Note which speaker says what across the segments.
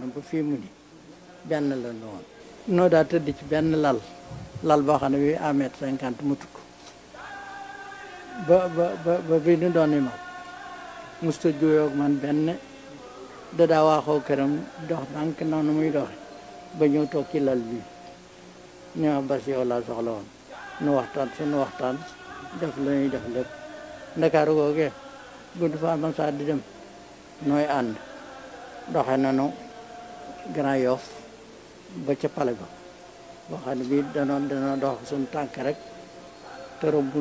Speaker 1: la ba fii mu ni ben la nu woon noo daa ci ben lal lal bo xane wi bi un mètre mu ba ba ba bi ni doon ma musta juyoog man ben da da waxo kërëm dox ndànk nonu muy dox ba ñu tok ci lal bi ñu ba ci wala laa soxla woon nu waxtaan sunu waxtaan def la ñuy def lepp ndakar goge gudd du fa ma sa di dem noy and doxé nanu Grand Yoff ba ca pale ba boo xam ne bii danoon danoon dox suñu tànk rek tërëm bu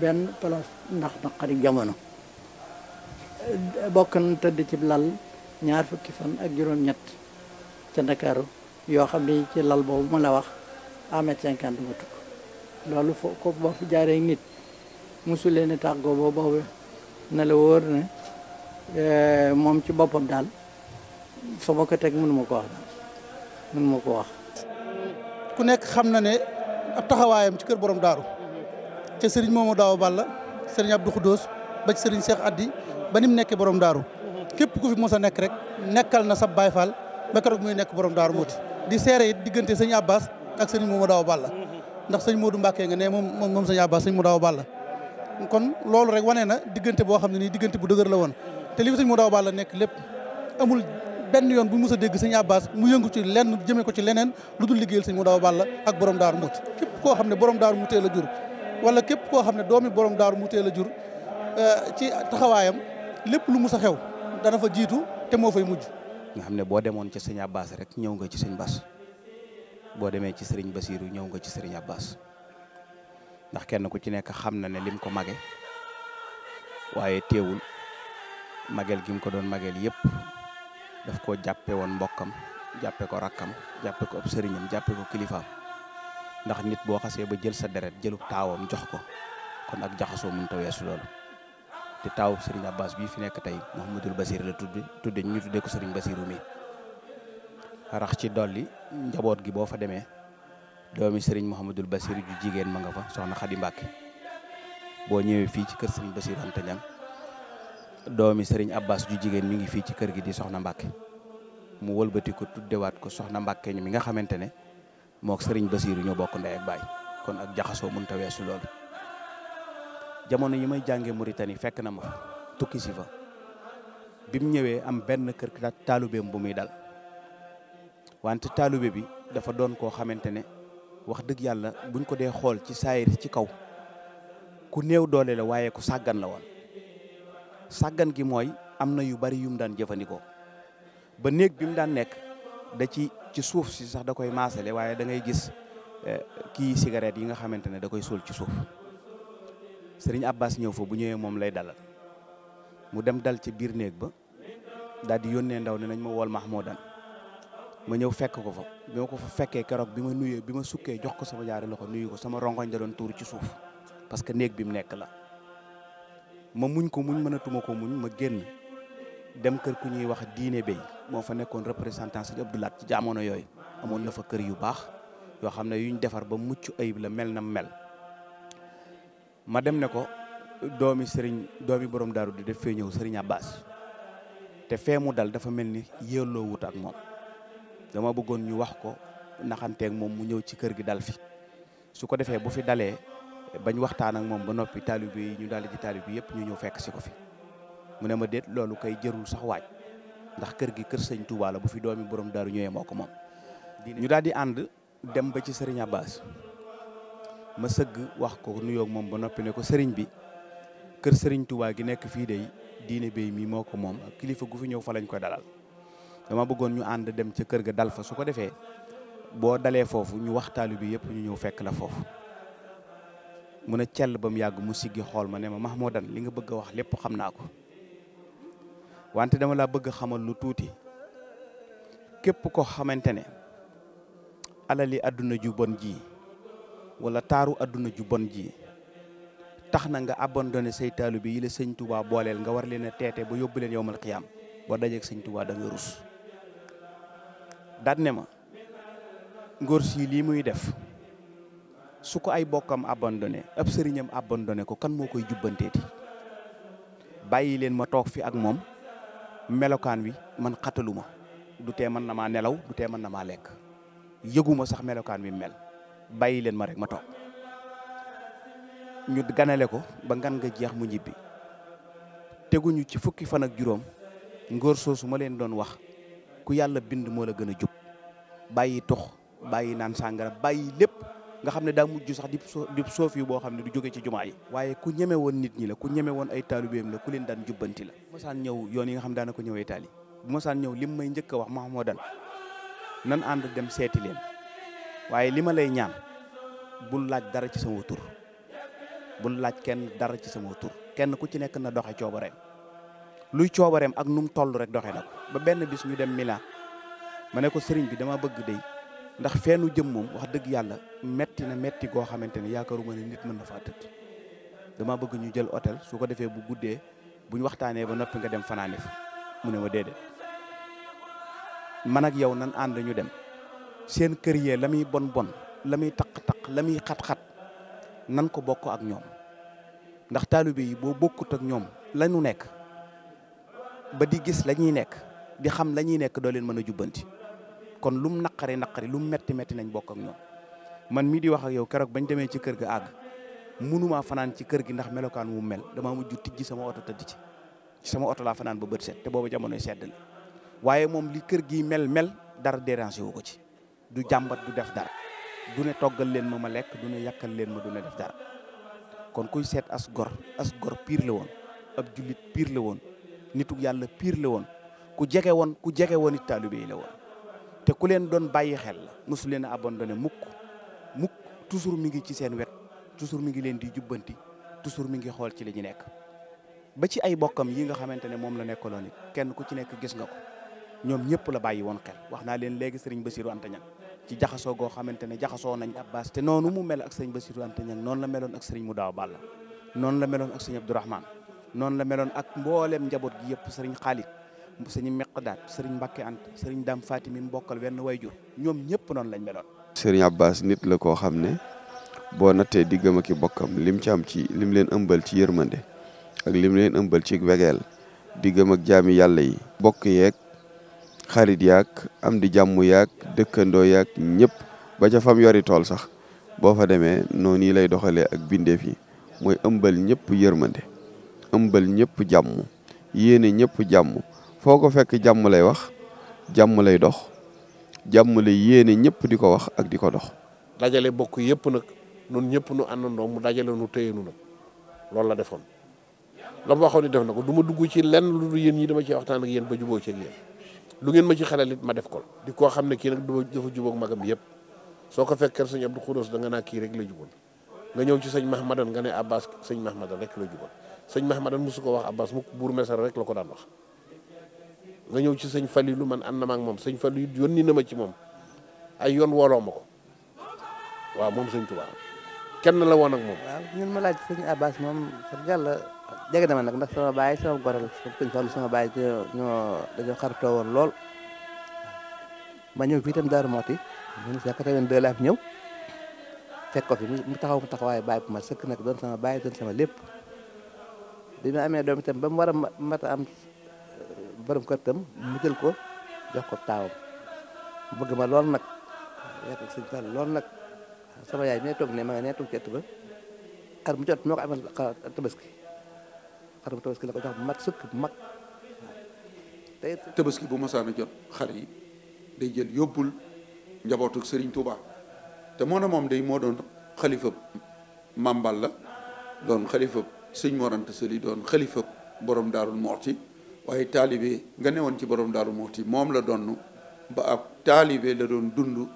Speaker 1: benn place ndax naqari jamono bokk na tëdd ci lal ñaar fukki fan ak juróom-ñett ca Ndakaaru yoo xam ne ci lal boobu ma la wax un mètre cinquante ma tukk loolu foo ko boo fi jaaree nit mosu leen tàggoo boobu na la wóor ne eh, moom ci boppam daal fa ma ko teg mënu ma ko wax mënu ko wax.
Speaker 2: ku nekk xam na ne ab taxawaayam ci kër boroom daaru ca Serigne Momadou Daaw Balla Serigne Abdou Khoudous ba ci Serigne Cheikh Addi ba ni mu nekkee borom daaru képp ku fi mu a nekk rek nekkal na sa Baay Faal ba keroog muy nekk borom daaru Moti. di seere it diggante sëñ Abbas ak sëñ Momadou Daaw Balla ndax sëñ Modou Mbacke nga ne moom moom sëñ Abbas sëñ Momadou Daaw Balla kon loolu rek wane na diggante boo xam ne nii diggante bu dëgër la woon benn yoon bu mos a dégg sëñ Abbas mu yëngu ci lenn jëmee ko ci leneen lu dul liggéeyal sëñ mu daaw Balla ak borom daaru Muxti képp koo xam ne borom daaru Muxti la jur wala képp koo xam ne doomi borom daaru Muxti a jur eh, ci taxawaayam lépp lu mus a xew dana fa jiitu te moo fay mujj
Speaker 3: nga xam ne boo demoon ci sëñ Abbas rek ñëw nga ci sëñ Bass boo demee ci sëriñ Basiiru ñëw nga ci sëriñ Abbas ndax kenn ku ci nekk xam na ne lim ko mage waaye teewul magel gi mu ko doon magel yëpp daf ko jappé won mbokam jappé ko rakam jappé ko serignam jappé ko kilifaam ndax nit bo xasse ba jël sa deret jëlu tawam jox ko kon ak mën mënta weesu loolu te taw serigne Abbas bi fi nek tay Mouhamadul Basir la tudd tudde ñu tuddé ko serigne Basiru mi rax ci dolli njabot gi bo fa démé doomi serigne Mouhamadul Basir ju jigen ma nga fa soxna khadim bakki bo ñëwee fi ci kër serigne Basir Anta doomi sëriñ Abbas ju jigéen mi ngi fii ci kër gi di soxna Mbàkke mu wëlbati ko tuddewaat ko soxna Mbàkke mi nga xamante ne moo sëriñ Basiiru ñoo bokk ndey ak baay kon ak jaxasoo mënta weesu loolu jamono yi may jàngee jànge Mauritanie fekk na ma tukki si fa bi mu ñëwee am benn kër ki taalubeem bu muy dal wante taalube bi dafa doon koo xamante ne wax dëgg yàlla buñ ko dee xool ci saayir ci kaw ku néew doole la waaye ku sàggan la woon sàggan gi mooy am na yu bari yu mu daan jëfandikoo ba néeg bi mu daan nekk da ci ci suuf si sax da koy maasale waaye da ngay gis eh, kii cigarette yi nga xamante ne da koy suul ci suuf sëriñ Abbas ñëw fa bu ñëwee moom lay dalal mu dem dal ci biir néeg ba daal di yónnee ndaw ne nañ ma max moo Mahmoudan ma ñëw fekk ko fa bi ma ko fa fekkee keroog bi ma nuyee bi ma sukkee jox ko sama jaari loxo nuyu ko sama rongoñ da doon tuur ci suuf parce que néeg bi mu nekk la. ma muñ ko muñ mënatuma ko muñ ma génn dem kër ku ñuy wax diine bay moo fa nekkoon représentant Sëñ Abdou Lahat ci jamono yooyu amoon na fa kër yu baax yoo xam ne yu ñu defar ba mucc ayib la mel na mel ma dem ne ko doomi sëriñ doomi borom daaru di def fee ñëw sëriñ Abbas te fee mu dal dafa mel ni yéeloo wut ak moom dama bëggoon ñu wax ko naxanteeg moom mu ñëw ci kër gi dal fi su ko defee bu fi dalee bañ waxtaan ak moom ba noppi taalibe yi ñu daal di ci taalibe yi yëpp ñu ñëw fekk si ko fi mu ne ma déet loolu kay jërul sax waaj ndax kër gi kër sëñ Touba bu fi doomi borom daaru ñëwee moo ko moom. ñu daal di ànd dem ba ci Serigne Abbas ma sëgg wax ko nuyoog moom ba noppi ne ko sëriñ bi kër sëriñ Touba gi nekk fii de diine béy mi moo ko moom kilifa gu fi ñëw fa lañ koy dalal dama bëggoon ñu ànd dem ca kër ga dal fa su ko defee boo dalee foofu ñu wax taalibe yëpp ñu ñëw fekk la foofu. mu ne cell ba mu yàgg mu siggi xool ma ne ma max moo Mahmoudan li nga bëgg a wax lépp xam naa ko wante dama laa bëgg xamal lu tuuti képp ko xamante ne alali àdduna ju bon ji wala taaru àdduna ju bon ji tax na nga abandonné say taalibe yi la sëñ Touba booleel nga war leen a teete ba yóbbu leen yow yowmal xiyaam boo dajeeg sëñ Touba da nga rus daan ne ma ngóor sii lii muy def su ko ay bokkam abandonné ab sëriñam abandonné ko kan moo koy jubbanteeti bàyyi leen ma toog fi ak moom melokaan wi man xatalu ma du tee mën na maa nelaw du tee mën na maa lekk yëguma sax melokaan wi mel bàyyi leen ma rek ma toog ñu ganale ko ba ngan ga jeex mu ñibbi teguñu ci fukki fan ak juróom ngóor soosu ma leen doon wax ku yàlla bind moo la gën a jub bàyyi tux bàyyi naan sàngara bàyyi lépp nga xam ne daa mujj sax di di boo xam ne du jóge ci jumaa yi waaye ku ñeme woon nit ñi la ku ñeme woon ay taalibeem la ku leen daan jubbanti la bu saan ñëw yoon yi nga xam daana ko ñëwee taali bu mosaan ñëw lim may njëkk a wax Mahmoudan nan ànd dem seeti leen waaye li ma lay ñaan bul laaj dara ci sama tur bul laaj kenn dara ci sama tur kenn ku ci nekk na doxe coobareem luy coobareem ak nu mu toll rek doxe na ba benn bis ñu dem Milan ma ne ko sëriñ bi dama bëgg dey ndax feenu jëm moom wax dëgg yàlla metti na metti goo xamante ne yaakaaruma ne nit mën na faa tëdd dama bëgg ñu jël hôtel su ko defee bu guddee bu ñu waxtaanee ba noppi nga dem fanaane fa mu ne ma déedéet man ak yow nan ànd ñu dem seen kër yee la muy bon bon la muy taq-taq la muy xat-xat nan ko bokk ak ñoom ndax taalibe yi boo bokkut ak ñoom la ñu nekk ba di gis la ñuy nekk di xam la ñuy nekk doo leen mën a jubbanti kon lum naqari naqari lum metti metti nañ bokk ak ñoom man mii di wax ak yow keroog bañ demee ci kër ga àgg mënumaa fanaan ci kër gi ndax melokaan wu mel damaa mujj tijji sama oto di ci sama oto laa fanaan ba bët set te booba jamonoy sedd la waaye moom li kër gi mel mel dara déranger wu ko ci du jàmbat du def dara du ne toggal leen ma ma lekk du ne yàkkal leen ma du ne def dara kon kuy seet as gor as gor piir la woon ab jullit piir la woon nituk yàlla piir la woon ku jege woon ku jege woon it taalibe yi te ku leen doon bàyyi xel mosu leen a abandonné mukk mukk toujours mi ngi ci seen wet toujours mi ngi leen di jubbanti toujours mi ngi xool ci la ñu nekk. ba ci ay bokkam yi nga xamante ne moom la nekkaloon it kenn ku ci nekk gis nga ko ñoom ñëpp la bàyyi woon xel wax naa leen léegi sëriñ Bassirou Anta Niang ci jaxasoo goo xamante ne jaxasoo nañ Abbas te noonu mu mel ak sëriñ Bassirou Anta Niang noonu la meloon ak sëriñ Moudaw Balla noonu la meloon ak sëriñ Abdourahmane noonu la meloon ak mbooleem njaboot yëpp sëriñ Khalid sëñ Meqdaat sëriñ Mbacke Anta sëriñ Dame Faati mi mbokkal wenn wayjur ñoom ñëpp noonu lañ meloon.
Speaker 4: sëriñ Abbas nit la koo xam ne boo nattee diggam ki i bokkam lim ci am ci lim leen ëmbal ci yërmande ak lim leen ëmbal ci wegeel diggam ak jaami yàlla yi. bokk yeeg xarit yaag am di jàmm yaag dëkkandoo yaag ñëpp ba ca fam yori tool sax boo fa demee noonu yi lay doxalee ak bindeef yi mooy ëmbal ñëpp yërmande ëmbal ñëpp jàmm yéene ñëpp jàmm. foko fekk jamm lay wax jamm lay dox jamm lay yene ñepp di wax ak di dox.
Speaker 5: dajale bokku yëpp nak nun ñepp nu àndandoo mu dajale nu teyenu nu lool la defoon lam waxoni def nak duma du dugg ci lenn lu dul yéen ñi dama ci waxtaan ak yeen ba jubo ci ak yeen lu ngeen ma ci xelal ma def ko di ko xamne ki nak nag du jubo ak magam yëpp soko fekk fekkee sëñ Abdou Khoudous da nga na ki rek la jubóon nga ñew ci señ Mahamadan nga ne Abbas señ Mahamadan rek la jubóon señ Mahamadan musuko wax Abbas mu bur messar rek la ko daan wax nga ñew ci fali lu man andam ak mom señ fali yónni na ma ci mom ay yon wolo mako wa mom señ sëñ Touba kenn la won ak mom
Speaker 1: ñun ma laaj señ Abbas mom sa
Speaker 3: yàlla degg dama nak ndax sama baye sama goral señ fali sama baay ñoo dañu dañoo xaritoo woon lool ma ñew fii itam Darou Mouhty ñun si yaakaar naa ne fekk ko fi mu taxaw ko taxaway baye bu ma sekk nak doon sama baye doon sama lepp bi amé doom itam ba mu am borom kër itam mu jël ko jox ko taawam bëgg ma lool nag yàgg sëñ Fall sama yaay mi ne toog ne ma nga ne toog ci ëtt ba ar mu jox bu mat sëkk mag
Speaker 4: tey tabaski bu masaana jot xar yi day jël yóbbul njabootu sëriñ Touba te moo na moom day moo doon xalifa màmbal la doon xalifa sëñ Mor Anta Sali doon xalifa borom daarul Moxti waaye taalibe nga newoon ci borom daaru Muxti moom la donn ba ab taalibe la doon dund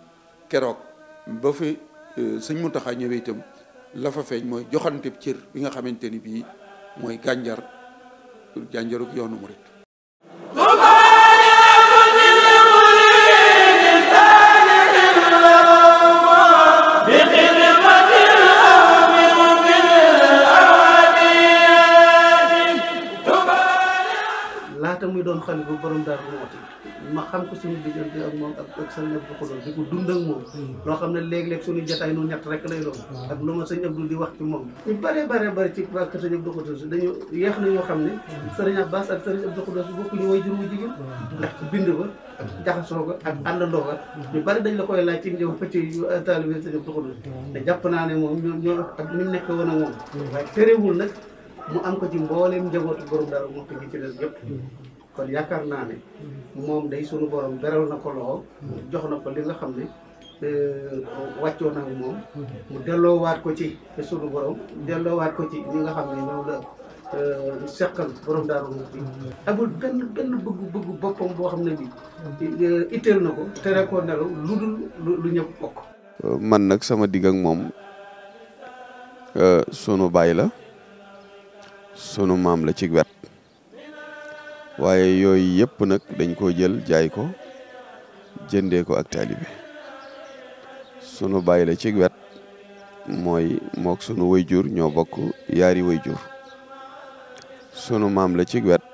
Speaker 4: keroog ba fi e, sëñ Muntaxa ñëwee itam la fa feeñ mooy joxanteb cër bi nga xamante ni bii mooy gànjar gànjaruk yoonu murit
Speaker 3: laata muy doon xam ko suñu diggante ak moom ak ak sëñ Abdou Khoudous di ko dund ak hmm. ne léeg-léeg
Speaker 2: suñu jotaay nu ñett rek lay doon hmm. ak lu ma sëñ Abdou di wax ci moom ñu bare bare bare ci xam ne hmm. sëriñ Abbas ak sëriñ Abdou Khoudous bokkuñu way jur wu jigéen ndax bind ba ak jaxasoo ko ak àndandoo ko ñu bari dañ la koy laaj ci ñëw pëcc taalibe sëñ Abdou Khoudous te jàpp naa ne moom ñoo ñoo ak ni mu nekk woon ak moom waaye terewul nag mu am ko ci mbooleem njabootu borom Daaru Muxti gi ci des yëpp kon yaakaar na ne
Speaker 3: mom day sunu borom beral na ko lo jox na ko li nga xamne euh
Speaker 2: waccio na mom mu wat ko ci sunu borom wat ko ci ñi nga xamne ñoo la euh sekkal borom daaru mu amul abul ben ben bëgg bëgg bopam bo xamne bi eh, itel nako ko tere ko nelaw lu lu ñëpp bok
Speaker 4: man nak sama dig ak euh sunu baay la sunu mam la ci wet waaye yooyu yëpp nag dañ koo jël jaay ko jëndee ko ak taalibe sunu baay la ci wet mooy mook sunu jur ñoo bokk yaari jur sunu maam la ci wet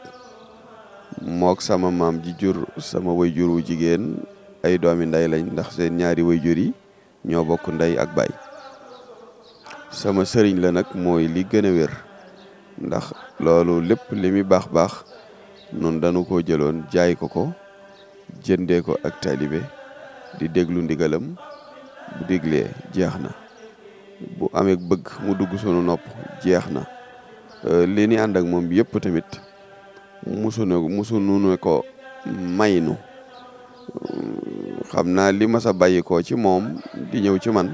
Speaker 4: mook sama maam ji jur sama wayjur wu jigéen ay doomi ndey lañ ndax seen ñaari jur yi ñoo bokk ndey ak baay sama sëriñ la nag mooy li gën a wér ndax loolu lépp li muy baax baax noonu dañu ko jëloon jaay ko ko jëndee ko ak taalibe di déglu ndigalam bu diglee jeex na bu amee bëgg mu dugg sunu nopp jeex na euh, li ni ànd ak moom yëpp tamit musu ne ko may euh, xam naa li ma sa bàyyi ci moom di ñëw ci man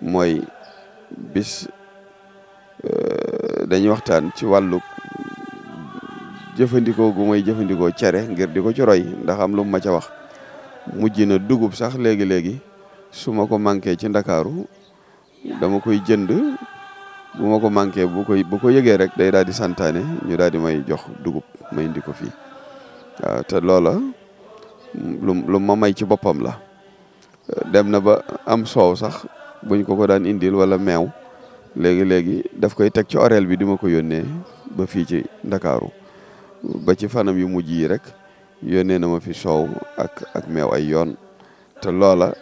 Speaker 4: mooy bis euh, dañuy waxtaan ci wàlluk jëfandikoo gu may jëfandikoo cere ngir di ko ci roy ndax am lu ma ca wax mujj na dugub sax léegi léegi su ma ko manqué ci ndakaaru dama koy jënd bu ma ko manqué bu koy bu ko yëgee rek day daal di santaane ñu daal di may jox dugub may indi ko fii waaw te loola lu ma may ci boppam la dem na ba am soow sax buñ ko ko daan indil wala meew léegi léegi daf koy teg ci orel bi di ma ko yónnee ba fii ci ndakaaru ba ci fanam yu mujj yi rek yónnee na ma fi soow ak ak meew ay yoon te loola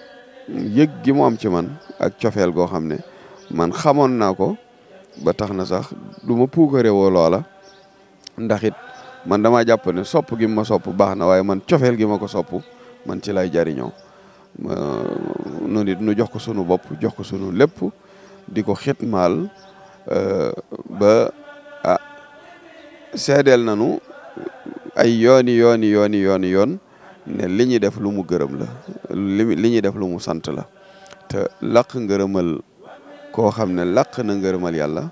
Speaker 4: yëg gi mu am ci man ak cofeel goo xam ne man xamoon naa ko ba tax na sax du ma puukare woo loola ndax it man dama jàpp ne sopp gi ma sopp baax na waaye man cofeel gi ma ko sopp man ci lay jariñoo noonu nu jox ko sunu bopp jox ko sunu lépp di ko xitmaal euh, ba ah seedeel nanu ay yooni yooni yooni yooni yoon ne li ñuy def lu mu gërëm la li ñuy def lu mu sant la te làq ngërëmal koo xam ne làq na ngërëmal yàlla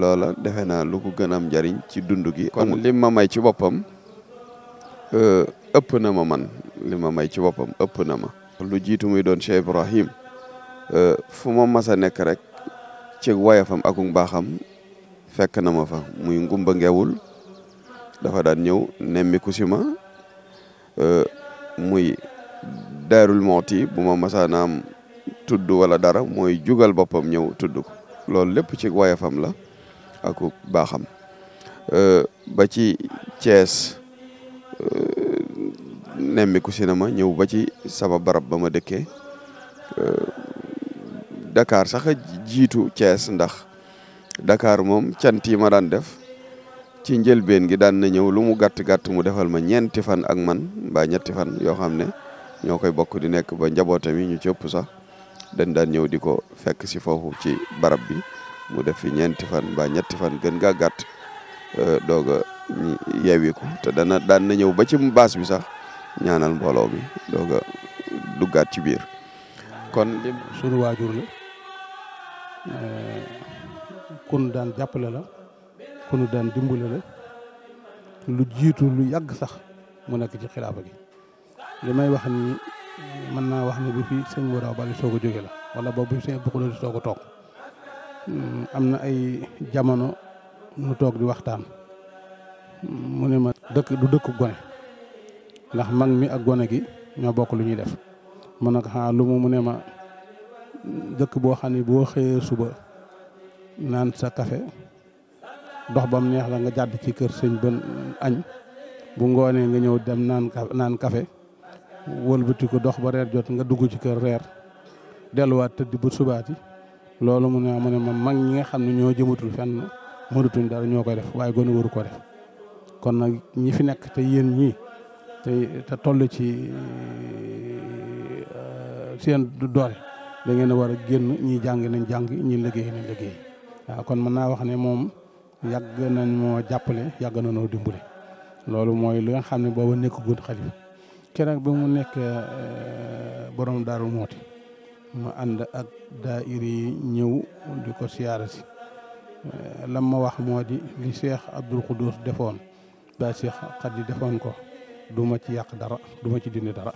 Speaker 4: loola defe naa lu gën am njariñ ci dund gi kon li ma may ci boppam euh, ëpp na ma man li ma may ci boppam ëpp na ma lu jiitu muy doon Cheikh Ibrahim euh, fu ma masa nekk rek ci wayafam ak mbaaxam fekk na ma fa muy ngumba ngewul dafa daan ñëw nemmiku si ma euh, muy darul mooti bu ma masaanaam tudd wala dara mooy jugal boppam ñëw tudd ko loolu lépp ci wayafam la ak baaxam euh, ba ci Cees euh, nemmiku si na ma ñëw ba ci sama barab ba ma dëkkee Dakar sax a jiitu Cees ndax Dakar moom cant yi ma daan def ci njëlbeen gi daan na ñëw lu mu gàtt gàtt mu defal ma ñeenti fan ak man mbaa ñetti fan yoo xam ne ñoo koy bokk di nekk ba njabootam yi ñu cëpp sax dañ daan ñëw di ko fekk si foofu ci barab bi mu def fi ñeenti fan mbaa ñetti fan gën gaa gàtt euh, doog a te dana daan na ñëw ba ci baas bi sax ñaanal mbooloo mi doog a duggaat ci biir kon
Speaker 2: sunu waajur la euh, kun daan jàppale la ku nu daan dimbale la lu jiitu lu yàgg sax mu nekk ci xilaafa gi li may wax ni mën naa wax ne bi fi sëñ Moura Balla soog a jóge la wala boobu bi sëñ Abdou Khoudoss soog a toog hmm, am na ay jamono nu toog di waxtaan mu ne ma dëkk du dëkk gone ndax mag mi ak gone gi ñoo bokk lu ñuy def man nag ma dëkk boo xam ne boo xëyee suba naan sa kafe dox bam neex la nga jadd ci kër señ ban agn bu ngone nga ñew dem naan naan café wëlbati ko dox ba reer jot nga dugg ci kër reer delluwaat tëdd bu subaati lolu mu ne amone ne ma mag ñi nga xamni ñoo jëmutul fenn mënatuñ dara ñoo koy def waye gonu waru ko def kon nak ñi fi nek te yeen ñi te te tollu ci euh, seen doore da ngeen wara genn ñi jang nañ jang ñi liggey nañ liggey kon man na wax ne mom yàgg nañ moo jàppale yàgg nañoo dimbale loolu mooy li nga xam ne nekk gun xalifa keroog bi mu nekk euh, borom daaru mooti mu ànd ak daayira yi ñëw di ko siyaara si euh, lam ma wax moo di li Cheikh Abdoul Khoudous defoon daa Cheikh Khady defoon ko du ma ci yàq dara duma ci dindi dara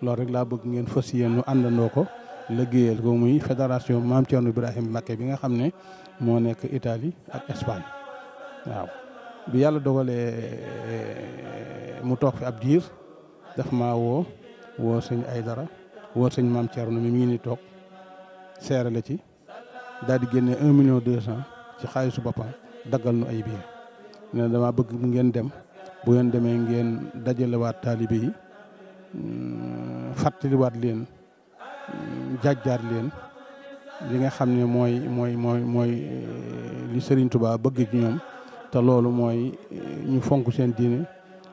Speaker 2: loolu rek laa bëgg ngeen fas yéen ñu àndandoo ko liggéeyal ko muy fédération Maam Thierno Ibrahim Mbacké bi nga xam ne moo nekk Italie ak Espagne waaw bi yàlla dogalee eh, mu toog fi ab diir daf ma woo woo sëñ dara woo sëñ Maam Thierno mi mi ngi ni toog seere la ci daal di génne un million deux cent ci xaalisu boppam daggal nu ay biir ne dama bëgg mu ngeen dem bu ngeen demee ngeen dajalewaat taalibe yi mm, fàttaliwaat leen jaar leen li nga xam ne mooy mooy mooy mooy eh, li Serigne Touba bëgg ci ñoom te loolu mooy eh, ñu fonk seen diine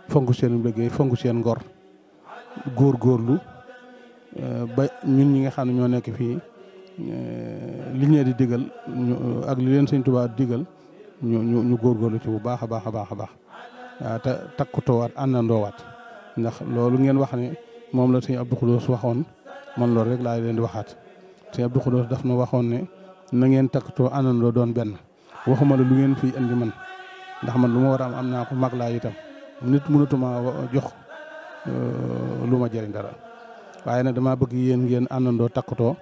Speaker 2: fonk seen liggéey fonk seen ngor góor góorgóorlu eh, ba ñun ñi nga xam ne ñoo nekk fii li ñu di digal ak li leen Serigne Touba digal ñu ñu ñu góorgóorlu ci bu baax a baax a baax a baax waaw te takkutoowaat àndandoowaat ndax loolu ngeen wax ne moom la ab Abdou Khoudoss waxoon. man loolu rek laa leen di waxaat te Abdou Khoudoss daf ma waxoon ne na ngeen takkatoo àndandoo doon benn waxuma la lu ngeen fii indi man ndax man lu ma war a am am naa ko mag laa itam nit mënatuma jox euh, lu ma jëriñ dara waaye nag dama bëgg yéen ngeen àndandoo takkatoo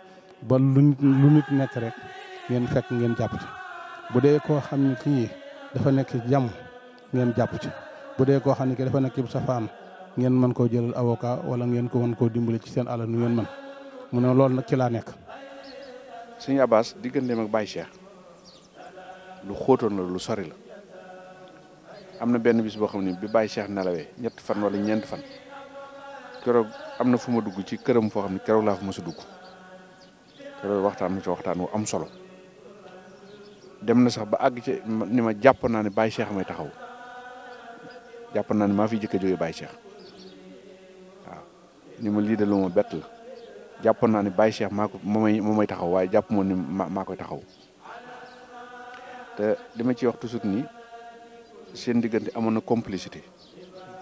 Speaker 2: ba lu lu nit nekk rek ngeen fekk ngeen jàpp ci bu dee koo xam ne kii dafa nekk jàmm ngeen jàpp ci bu dee koo xam ne kii dafa nekk sa safaan ngeen mën koo jëlal avocat wala ngeen ko mën koo dimbali ci seen alal nu ngeen mën mu ne loolu ci la nek
Speaker 5: seigne Abbas digënde mak Baye Cheikh lu xoto na lu sori la amna benn bis bo xamni bi Baye Cheikh nalawé ñett fan wala ñent fan kéro amna fuma dugg ci kërëm fo xamni kéro la fa dugg kéro waxtaan na ci waxtaan wu am solo dem na sax ba ag ci ni ma na ni ne Baye Cheikh may taxaw japp na ni ma fi jëkk a Baye Cheikh waaw ni ma lii de la. jàppoon naa ne Baye Cheikh maa ko moo moom moo may taxaw waaye jàpp moon ni maa koy taxaw te li ci wax toujours nii seen diggante amoon na complicité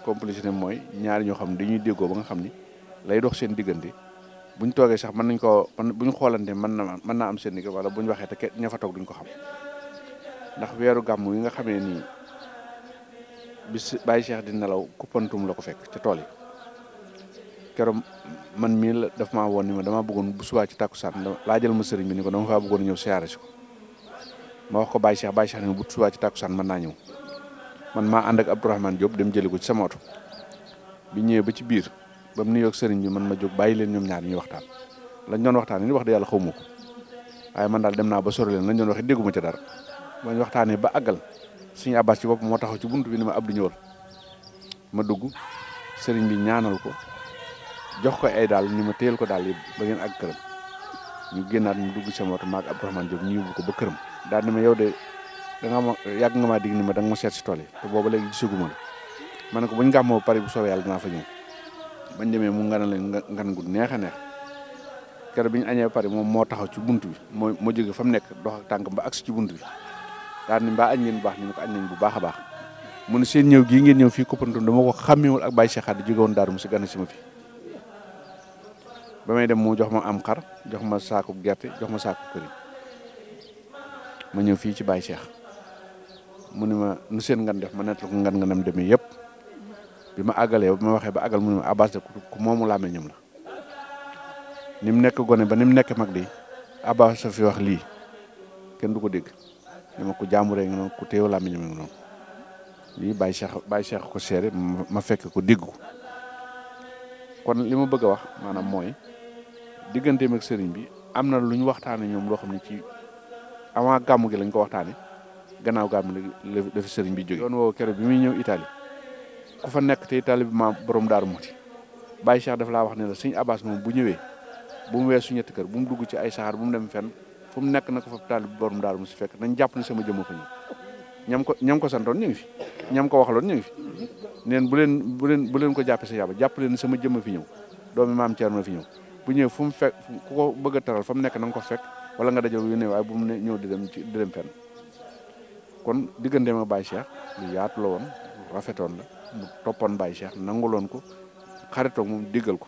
Speaker 5: complicité mooy ñaari ñoo xam ne dañuy déggoo ba nga xam ni lay dox seen diggante buñ toogee sax mën nañ ko buñ xoolante mën na mën naa am seen diggante wala buñ waxee te ke ña fa toog duñ ko xam ndax weeru gàmm wi nga xamee nii bis baay Cheikh di nelaw kuppantum la ko fekk ca tool yi kéro man mi la daf ma won ni ma dama bëggoon bu suba ci la jël ma sëriñ bi ni ko dama fa bëggoon ñëw siara ci ko ma wax ko Baye Cheikh Baye Cheikh ni bu suba ci tàkkusaan man na ñëw man ma and ak Abdourahmane Diop dem jëli ko ci sama oto bi ñëw ba ci biir bam mu nuyoog sëriñ bi man ma jóg bàyyi leen ñom ñaar ñu waxtaan lañ doon waxtaan ni wax de yalla xawmu ko waaye man dal dem na ba soro leen lañ doon waxee dégguma ci dara bañ waxtaanee ba agal seigne abbas ci bop mo taxaw ci buntu bi ni ma Abdou ñëwal ma dugg sëriñ bi ñaanal ko jox ko ay eh, daal ni ma teel ko dal ba ngeen ak kërëm ñu gënaat mu dugg sama moto maag Abdourahmane Diop ñu yóbbu ko ba kërëm dal ni ma yow de da nga ma yàgg nga ma dig ni ma da nga ma seet si tool te bobu léegi gisaguma la ma ko buñ gàmmoo pari bu soobee yalla dina fa ñëw bañ démé mu ngana la ngan gu neexa neex kere bi añé pari pare mo taxaw ci buntu bi mo mo jóge fa mu nekk dox ak tank ba ak ci buntu bi dal ni ba añ ngeen bu ñu ko añ nañ bu baaxa baax mu ne seen ñew gi ngeen ñëw fii koppantoon dama ko xamewul ak Baye Cheikh Khady jóge woon daaru mu si gana si ma fi ba may dem mu jox ma am xar jox ma saaku gerte jox ma saaku këriñ ma ñëw fii ci Baye Cheikh mu ni ma nu seen ngan def ma nettal ko ngan nganam demee yépp bi ma àggalee bi ma waxee ba àggal mu ne ma Abbas de ku moomu laa ñam la ni mu nekk gone ba ni mu nekk mag di Abbas sa fi wax lii kenn du ko dégg ni ma ko jaamuree nga ma ku teew laa ñam noonu lii Baye Cheikh Baye Cheikh ko seere ma fekk ko dégg ko kon li ma bëgg a wax maanaam mooy diggante ak sëriñ bi am na lu ñu waxtaanee ñoom loo xam ne ci avant gàmm gi lañ ko waxtaanee gannaaw gàmm la la fi sëriñ bi jógee. yoon woowu keroog bi muy ñëw Italie ku fa nekk te Italie bi maam borom daaru Moti Baye Cheikh dafa laa wax ne la sëñ Abbas moom bu ñëwee bu mu weesu ñetti kër bu mu dugg ci ay saxaar bu mu dem fen fu mu nekk na ko fa Italie bi borom daaru mu si fekk nañ jàpp ne sama jëmm fa ñëw ñam ko ñam ko santoon ñu ngi fi ñam ko waxaloon ñu ngi fi neen bu leen bu leen bu leen ko jàppee sa yàlla jàpp leen sama jëmm fi ñëw doomi maam Thierno fi ñëw bu ñëwee fu mu fekk ku ko bëgg a teral nek nang ko fek wala nga dajal yu ne bu ne di dem ci di dem fenn kon digënde ma bay Cheikh lu yaat lo won rafeton la mu topon bay Cheikh nangulon ko ak moom diggal ko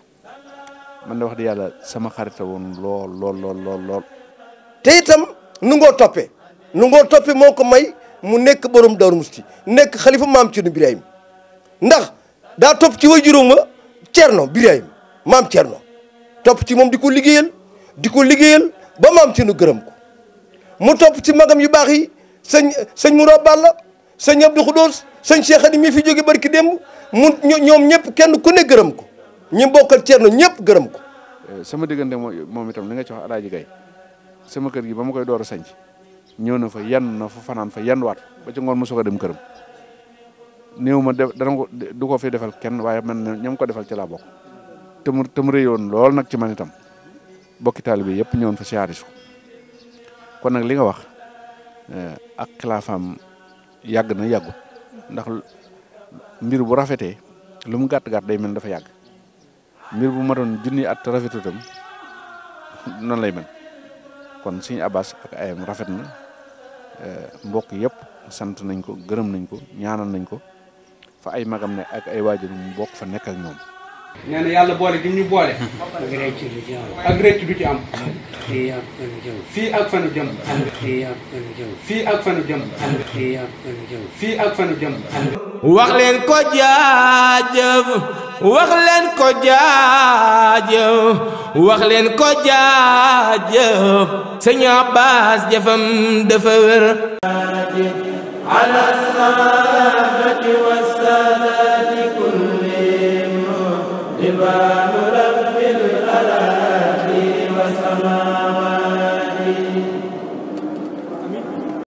Speaker 5: man de wax di yalla sama xarit won lol lol lol lol lol te itam nu ngo topé nu ngo topé moko may mu nek
Speaker 3: borom Daaru Musti nek khalifa mam Cerno Ibrahim, ndax da top ci wajuruma cierno ibrahim mam cierno topp ci moom di ko liggéeyal di ko liggéeyal ba maam ci nu gërëm ko mu topp ci magam yu baax yi sëñ sëñ Moura Balla sëñ Abdou Khoudous sëñ Cheikh Xadim mi fi jóge barki dem mu ñoom ñëpp kenn ku ne
Speaker 5: gërëm ko ñi bokkal na ñëpp gërëm ko. Eh, sama diggante moom itam li nga ci wax Alaaji Gay sama kër gi ba ma koy door a sanc ñëw na fa yan na fa fanaan fa yan waat ba ci ngoon mu soog dem gërëm néew ma def dana ko du ko fi defal kenn waaye man ñam ko defal ci laa bokk. te mu te mu rëyoon lool nag ci man itam bokki taalibe yëpp ñëwoon fa siyaare ko kon nag li nga wax eh, ak xilaafaam yàgg na yàggut ndax mbir bu rafetee lu mu gàtt gàtt day mel dafa yàgg mbir bu ma doon junni at rafetu tam noonu lay mel kon Sëñ Abbas ak ayam rafet na eh, mbokk yëpp sant nañ ko gërëm nañ ko ñaanal nañ ko fa ay magam ne ak ay waajur mu bokk fa nekk ak ñoom
Speaker 2: nee na boole gi boole. ak rëcc du ci am. ak rëcc du ci am. fii ak fanu jëm. fii ak fanu jëm. fii ak fanu jëm. fii ak fanu jëm. fii ak fanu jëm. fii ak fanu jëm. wax leen
Speaker 1: ko